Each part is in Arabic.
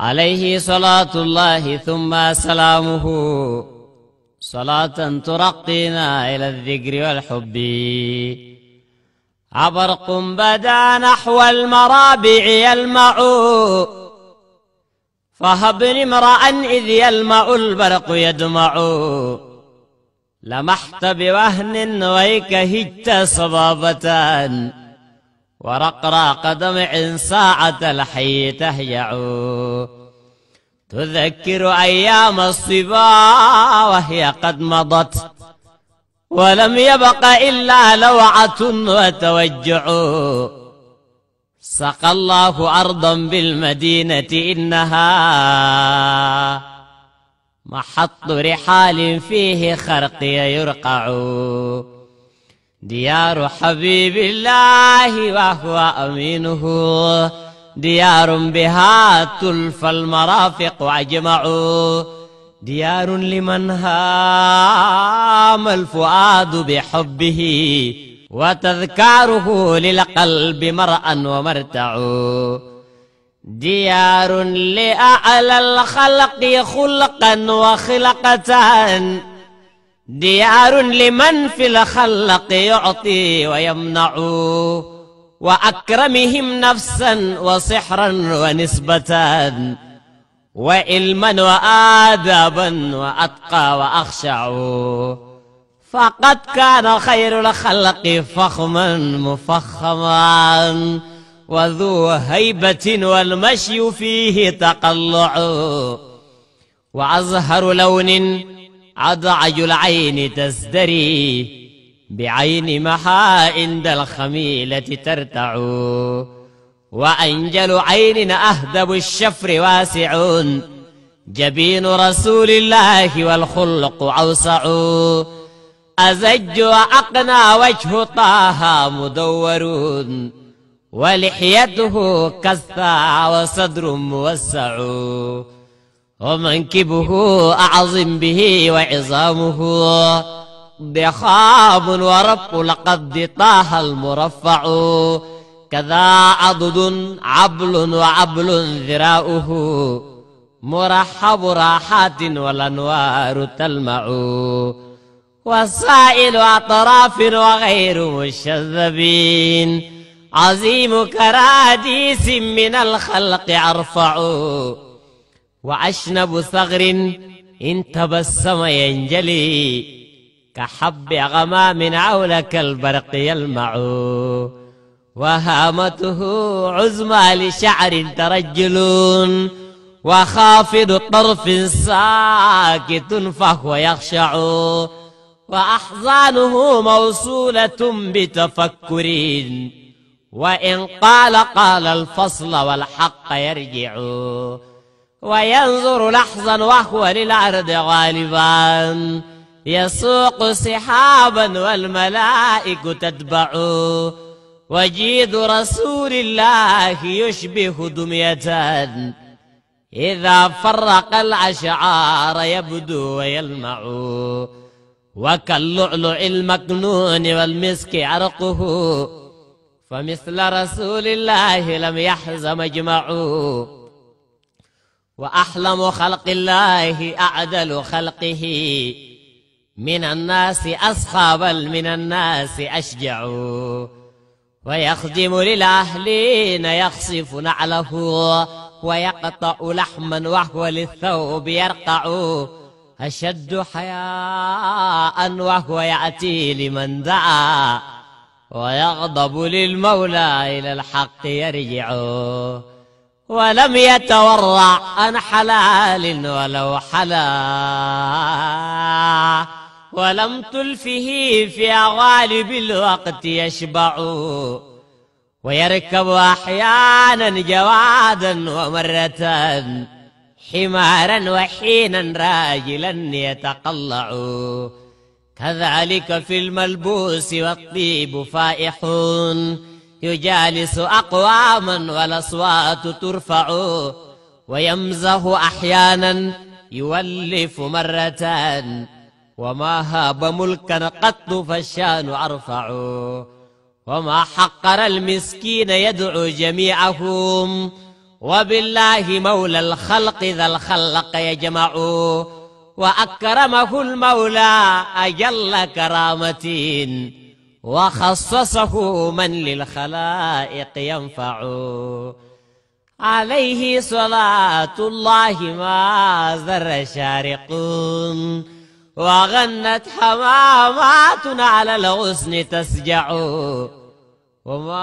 عليه صلاة الله ثم سلامه صلاة ترقينا إلى الذكر والحب عبرق بدا نحو المرابع يلمع فهبني امرأ إذ يلمع البرق يدمع لمحت بوهن ويك هجت صبابة ورقرا دمع ساعة الحي تهيعو تذكر أيام الصبا وهي قد مضت ولم يبق إلا لوعة وتوجع سقى الله أرضا بالمدينة إنها محط رحال فيه خرقي يرقع ديار حبيب الله وهو أمينه ديار بها تلف المرافق أجمعوا ديار لمن هام الفؤاد بحبه وتذكاره للقلب مرأ ومرتع ديار لأعلى الخلق خلقا وخلقة ديار لمن في الخلق يعطي ويمنع وأكرمهم نفسا وصحرا ونسبة وعلما وآدابا وأتقى وأخشع فقد كان خير الخلق فخما مفخما وذو هيبة والمشي فيه تقلع وأزهر لون أضعج العين تزدري بعين محا عند الخميلة ترتع وأنجل عين أهدب الشفر واسع جبين رسول الله والخلق أوسع أزج وأقنى وجه طه مدور ولحيته كثى وصدر موسع ومنكبه أعظم به وعظامه ضخام ورب لقد طه المرفع كذا عضد عبل وعبل ذراؤه مرحب راحات والأنوار تلمع وسائل أطراف وغير مشذبين عظيم كراديس من الخلق أرفع وعشنب ثغر إن تبسم ينجلي كحب غمام عولك البرق يلمع وهامته عزمى لشعر ترجل وخافض طرف ساكت فهو يخشع وأحزانه موصولة بتفكر وإن قال قال الفصل والحق يرجع وينظر لحظا وهو للأرض غالبا يسوق سحابا والملائك تتبعه وجيد رسول الله يشبه دمية إذا فرق الأشعار يبدو ويلمع وكاللؤلؤ المكنون والمسك عرقه فمثل رسول الله لم يحز مجمعه وأحلم خلق الله أعدل خلقه من الناس أصحى بل من الناس أشجع ويخدم للأهلين يخصف نعله ويقطع لحما وهو للثوب يرقع أشد حياء وهو يأتي لمن دعا ويغضب للمولى إلى الحق يرجع ولم يتورع عن حلال ولو حلا ولم تلفه في غالب الوقت يشبع ويركب أحيانا جوادا ومرة حمارا وحينا راجلا يتقلع كذلك في الملبوس والطيب فائحون يجالس أقواما والأصوات ترفع ويمزح أحيانا يولف مرتان وما هاب ملكا قط فالشان أرفع وما حقر المسكين يدعو جميعهم وبالله مولى الخلق ذا الخلق يجمع وأكرمه المولى أجل كرامتين وخصصه من للخلائق ينفع عليه صلاة الله ما زر شارق وغنت حمامات على الغصن تسجع وما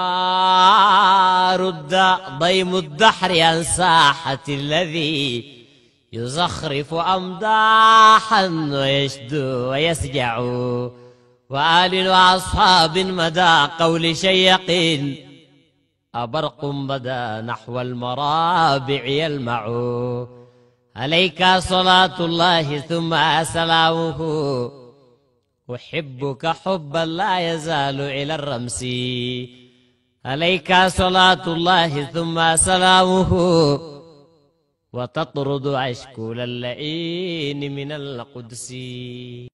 رد ضيم الدحر عن ساحة الذي يزخرف أمداحا ويشدو ويسجع وآل وأصحاب مدى قول شيقين أبرق بدا نحو المرابع يلمع عليك صلاة الله ثم سلامه أحبك حبا لا يزال إلى الرمس عليك صلاة الله ثم سلامه وتطرد عشكول اللئين من القدس